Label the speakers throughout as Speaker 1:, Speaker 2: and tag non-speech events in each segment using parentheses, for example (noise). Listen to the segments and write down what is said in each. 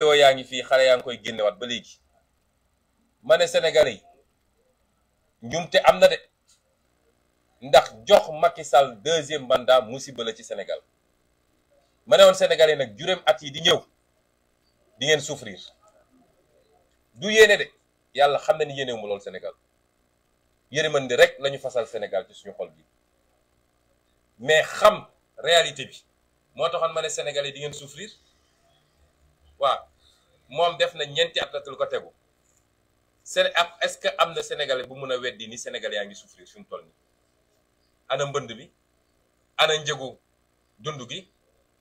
Speaker 1: yoo yaa ngi fii xale yaa ngi koy génnewaat ba léegi mane ne Sénégalais yi njumte am na de ndax jox Macky Sall deuxième mandat musiba la ci Sénégal mane ne woon Sénégalais nag juróom at yi di ñëw di ngeen souffrir du yéene de yàlla xam na ni yéenewu ma lool Sénégal yërmande rek la ñu fasal Sénégal ci suñu xol bi mais xam réalité bi moo taxoon ma ne Sénégalais di ngeen souffrir. waaw moom def na ñeenti at la ko tegu Séné est-ce que am na sénégalais bu mun a weddi ni sénégalais yaa ngi souffrir fi mu toll nii ana mbënd bi ana njëgu dund gi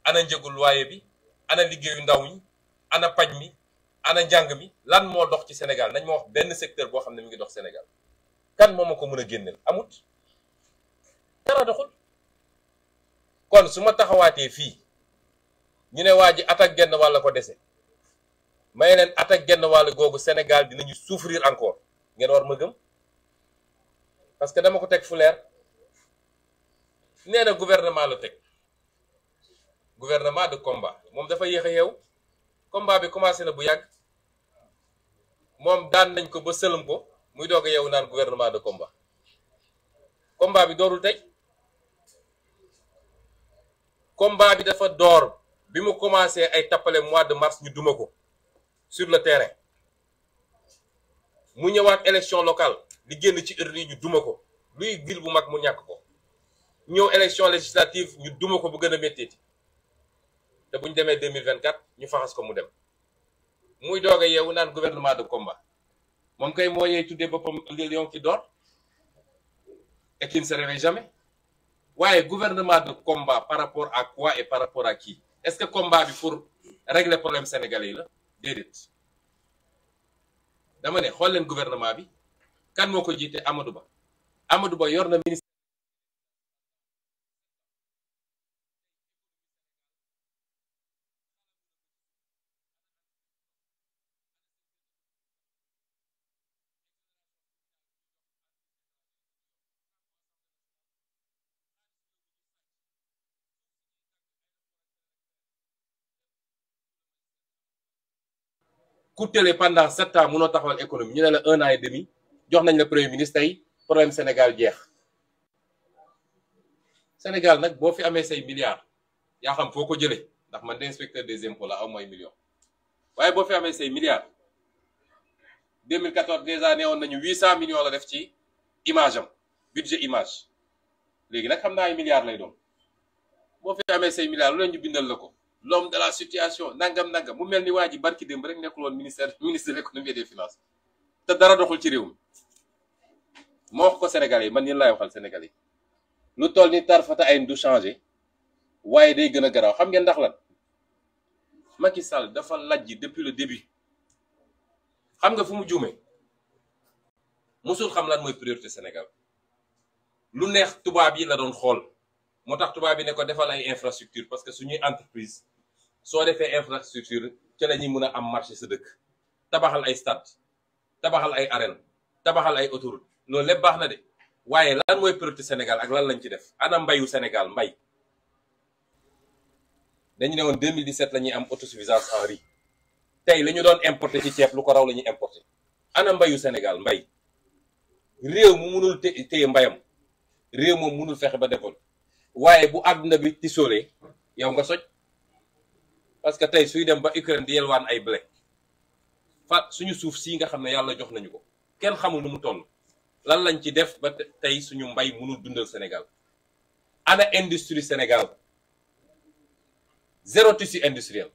Speaker 1: ana njëgu loyer bi ana liggéeyu ndaw ñi ana paj mi ana njàng mi lan moo dox ci Sénégal nañ moo wax benn secteur boo xam ne mu ngi dox senegal kan moo ma ko mën a génneel amut dara doxul kon su ma taxawaatee fii ñu ne waa ji at ak genn wàlla ko dese may leen attaque genn wàll googu Sénégal dinañu souffrir encore ngeen war ma gëm parce que dama ko teg fu leer nee na gouvernement la teg gouvernement de combat moom dafa yéex a yeew combat bi commencé na bu yàgg moom daan nañ ko ba sëlëm ko muy doog a yeewu naan gouvernement de combat combat bi doorul tey combat bi dafa door bi mu commencé ay tappale mois de mars ñu duma ko sur le terrain mu ñëwaat élection locale li génn ci urne yi ñu duma ko luy ville bu mag mu ñàkk ko ñëw élection législative ñu duma ko bu gën a métteeti te bu ñu demee 2024 ñu faxas ko mu dem muy doog a yeewu naan gouvernement de combat moom kay moo ñuy tuddee boppam le lion qui dort et qui se réveille jamais waaye gouvernement de combat par rapport à quoi et par rapport à qui est-ce que combat bi pour régler problème sénégalais la déedéet dama ne xool leen gouvernement bi kan moo ko jiite Amadou Ba Amadou Ba yor na ministre coûté pendant sept ans mënoo taxawal économie ñu ne la un an et demi jox nañ la premier ministre tey problème Sénégal jeex Sénégal nag boo fi amee say milliards yaa xam foo ko jëlee ndax man de inspecteur des impôts la waaye boo fi amee say milliards 2014 déjà neewoon nañu 800 millions la def ci image am budget image léegi nag xam naa ay milliards lay doon boo fi amee say milliards lu leen ñu bindal la ko. l'homme de la situation nangam nangam mu mel ni waa ji barki démb rek nekkul woon ministère (laughs) ministre de l'économie de des finances te dara doxul ci réew mi moo wax ko sénégal yi man yéen lay waxal Sénégalais yi lu toll ni tarfata ay du changé waaye day gën a garaaw xam ngeen ndax la Macky Sall dafa yi depuis le début xam nga fu mu juumee mosul xam lan mooy priorité Sénégal lu neex tubaab yi la doon xool. moo tax tubaab bi ne ko defal ay infrastructure parce que ñuy entreprise soo defee infrastructure ca la ñuy mën a am marché sa dëkk tabaxal ay stade tabaxal ay arène tabaxal ay autoroute loolu lépp baax na de waaye lan mooy priorité Sénégal ak lan lañ ci def ana mbayu Sénégal mbay dañu ne woon 2017 la ñuy am autosuffisance en riz tey li ñu doon importer ci ceeb lu ko raw la ñuy importer ana mbayu Sénégal mbay réew mu mënul téye mbayam réew moom mënul fexe ba développé waaye bu àdduna bi ci sóolee yow nga soj parce que tey suy dem ba Ukraine di yelwaan ay blé fa suñu suuf sii nga xam ne yàlla jox nañu ko kenn xamul nu mu toll lan lañ ci def ba tey suñu mbay mënul dundal Sénégal ana industrie Sénégal zéro tissu industriel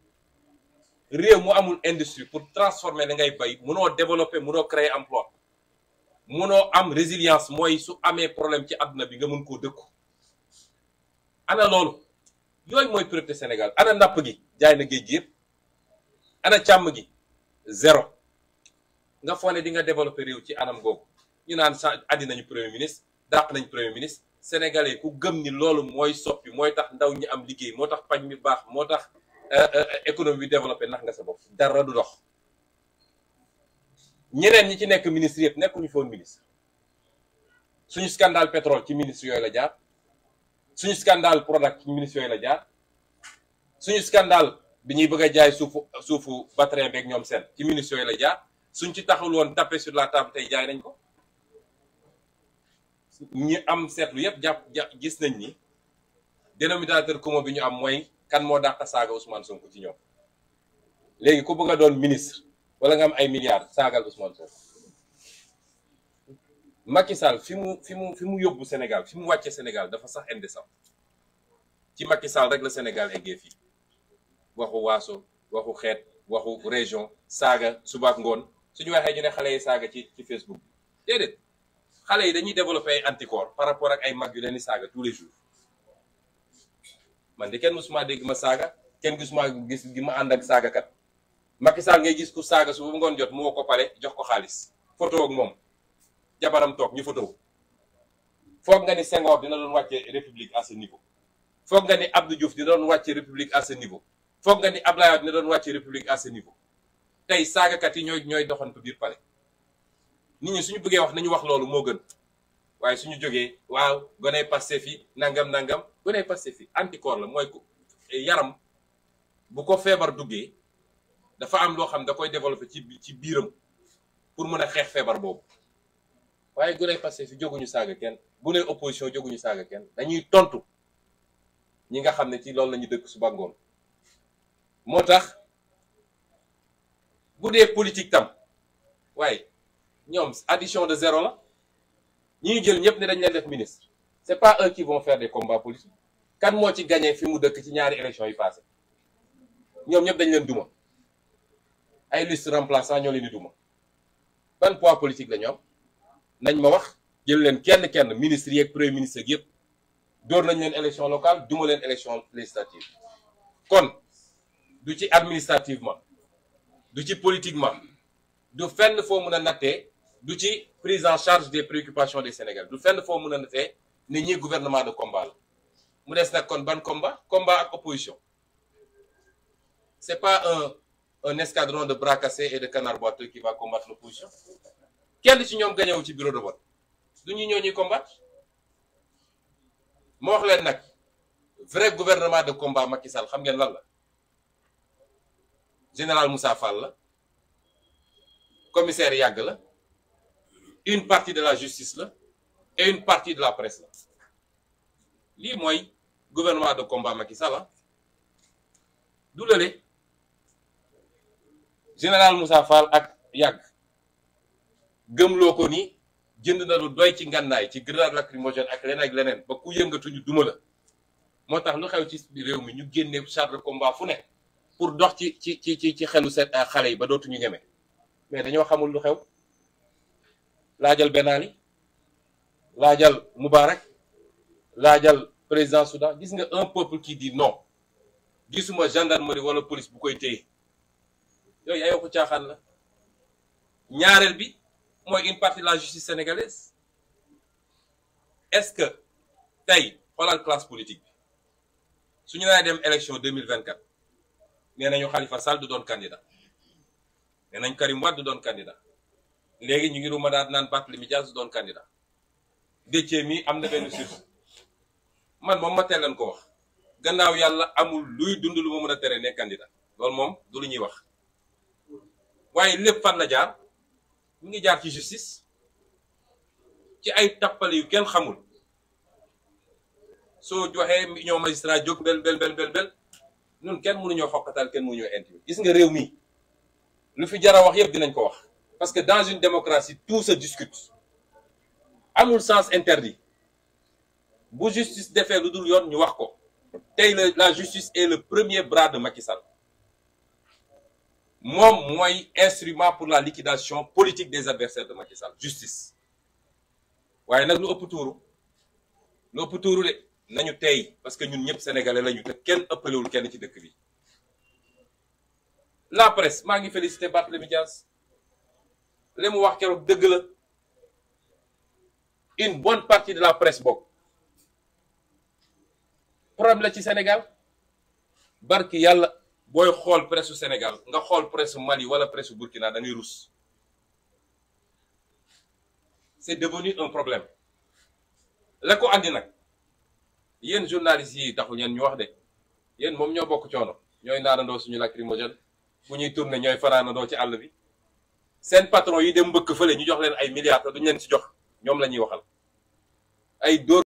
Speaker 1: réew mu amul industrie pour transformer da ngay bay mënoo développer mënoo créer emploi mënoo am résilience mooy su amee problème ci àdduna bi nga mën koo dëkku ana loolu yooyu mooy pureté Sénégal ana napp gi jaay na géej gi yëpp ana càmm gi zéro nga foog ne di nga développé réew ci anam googu ñu naan sa addi nañu premier ministre dàq nañu premier ministre sénégalais ku gëm ni loolu mooy soppi mooy tax ndaw ñi am liggéey moo tax pañ mi baax moo tax euh, euh, économie bi développé nax nga sa bopp dara du dox ñeneen ñi ci nekk ministre yëpp nekkuñu foon ministre suñu scandale pétrole ci ministre yooyu la jaar suñu scandale Prodac ci ministère yi la jaar suñu scandale bi ñuy bëgg a jaay suufu suufu Batrin beeg ñoom seen ci ministère yi la jaar suñ ci taxawul woon tapé sur la table tey jaay nañ ko ñi am seetlu yëpp jàpp gis nañ ni dénominateur commun bi ñu am mooy kan moo dàq saaga Ousmane Sonko ci ñoom léegi ku bëgg a doon ministre wala nga am ay milliards saagal Ousmane Sonko. Macky Sall fi mu fi mu fi mu yóbbu Sénégal fi mu wàcce Sénégal dafa sax indécent ci Macky Sall rek la Sénégal eggee fi waxu waaso waxu xeet waxu région saaga suba ak ngoon suñu waxee ñu ne xale yi saaga ci ci Facebook bi déedéet xale yi dañuy développé ay anticorps par rapport ak ay mag yu leen di saaga tous les jours man di kenn musuma dégg ma saaga kenn gis gi ma ànd ak saagakat Macky Sall ngay gis ku saaga suba ngoon jot moo ko pare jox ko xaalis photo ak moom. jabaram toog ñu photo foog nga ni Senghor dina doon wàcce république à ce niveau foog nga ni Abdou Diouf dina doon wàcce république à niveau foog nga ni Abdoulaye dina doon wàcce république à niveau tey saagakat yi ñooy ñooy doxantu biir palais nit ñi suñu bëggee wax nañu wax loolu moo gën waaye suñu jógee waaw goney Pastef yi nangam nangam goney Pastef yi anticorps la mooy ko yaram bu ko feebar duggee dafa am loo xam da koy développé ci ci biiram pour mën a xeex feebar boobu waaye guney Pastef fi jóguñu saaga kenn guney opposition jóguñu saaga kenn dañuy tontu ñi nga xam ne ci loolu la dëkk suba ngoon moo tax bu dee politique tam waaye ñoom addition de zéro la ñi ñu jël ñëpp ne dañ leen def ministre c'est pas eux qui vont faire des combats politiques kan moo ci gañee fi mu dëkk ci ñaari élection yi passé ñoom ñëpp dañ leen duma ay liste remplaçant ñoo leen di duma ban poids politique la ñoom nañ ma wax jël leen kenn kenn ministre yeeg premier ministre ak yëpp dóor nañ leen élection locale duma leen élection législative kon du ci administrativement du ci politiquement du fenn foo mën a nattee du ci prise en charge des préoccupations des Sénégalais du fenn foo mën a nattee ne ñi gouvernement de combat la mu des nag kon ban combat combat ak opposition c'est pas un un escadron de bras cassés et de canards boiteux qui va combattre l'opposition kenn ci ñoom gañewu ci bureau de vote du ñu ñoo ñuy combattre moo wax leen nag vrai gouvernement de combat Macky Sall xam ngeen lan général Moussa Fall la commissaire yàgg la une partie de la justice la et une partie de la presse la lii mooy gouvernement de combat ki Sall ah. du lële général Moussa Fall ak yàgg gëmloo ko ni jënd na lu doy ci ngànnaay ci grenade lacrymogène ak ak leneen ba ku yëngatuñu duma la moo tax lu xew ci réew mi ñu génne char de combat fu ne pour dox ci ci ci ci ci xelu seet ah, xale yi ba dootuñu ñeme mais dañoo xamul lu xew laajal Ben Ali laajal Moubarak laajal président Soudan gis nga un peuple qui dit non gisuma gendarmerie wala police bu koy téye yooyu ay waxu caaxaan la ñaareel bi mooy une partie de la justice sénégalaise est-ce que tey xoolal classe politique bi su ñu nee dem vingt 2024 nee nañu Khalifa Sall du doon candidat nee nañ Karim Wade du doon candidat léegi ñu ngi ruma daal naan Barthélémy Dias du doon candidat Déthié mi am na benn surtout man moom ma teel ko wax gannaaw yàlla amul luy dund lu ma mën a tere ne candidat loolu moom du lu ñuy wax waaye lépp fan na jaar. mu ngi jaar ci justice ci ay tappale yu kenn xamul soo joxee ñoo magistrat jóg bel bel bel bel bel ñun kenn mënuñoo xokkatal kenn mënuñoo intime gis nga réew mi lu fi jara wax yëpp dinañ ko wax parce que dans une démocratie tout se discute amul sens interdit bu justice defee lu dul yoon ñu wax ko tey la la justice et le premier bras de Macky Sall moom mooy instrument pour la liquidation politique des adversaires de Macky Sall justice waaye nag lu ëpp tuuru lu ëpp tuuru de nañu tey parce que ñun ñëpp sénégalais lañu te kenn ëppalewul kenn ci dëkk bi la presse maa ngi félicité Barthélémy Dias li mu wax keroog dëgg la une bonne partie de la presse bokk problème la ci Sénégal barki yàlla booy xool presse Sénégal nga xool presse Mali wala presse Burkina da ngay rus c'est devenu un problème la ko andi nag yéen journalistes yi taxul ñeen ñu wax de yéen moom ñoo bokk coono ñooy naanandoo suñu lacrymogène bu ñuy tourné ñooy fanaanandoo ci àll bi seen patron yi de mbëkk fële ñu jox leen ay milliards te duñ leen ci jox ñoom la ñuy waxal ay dóor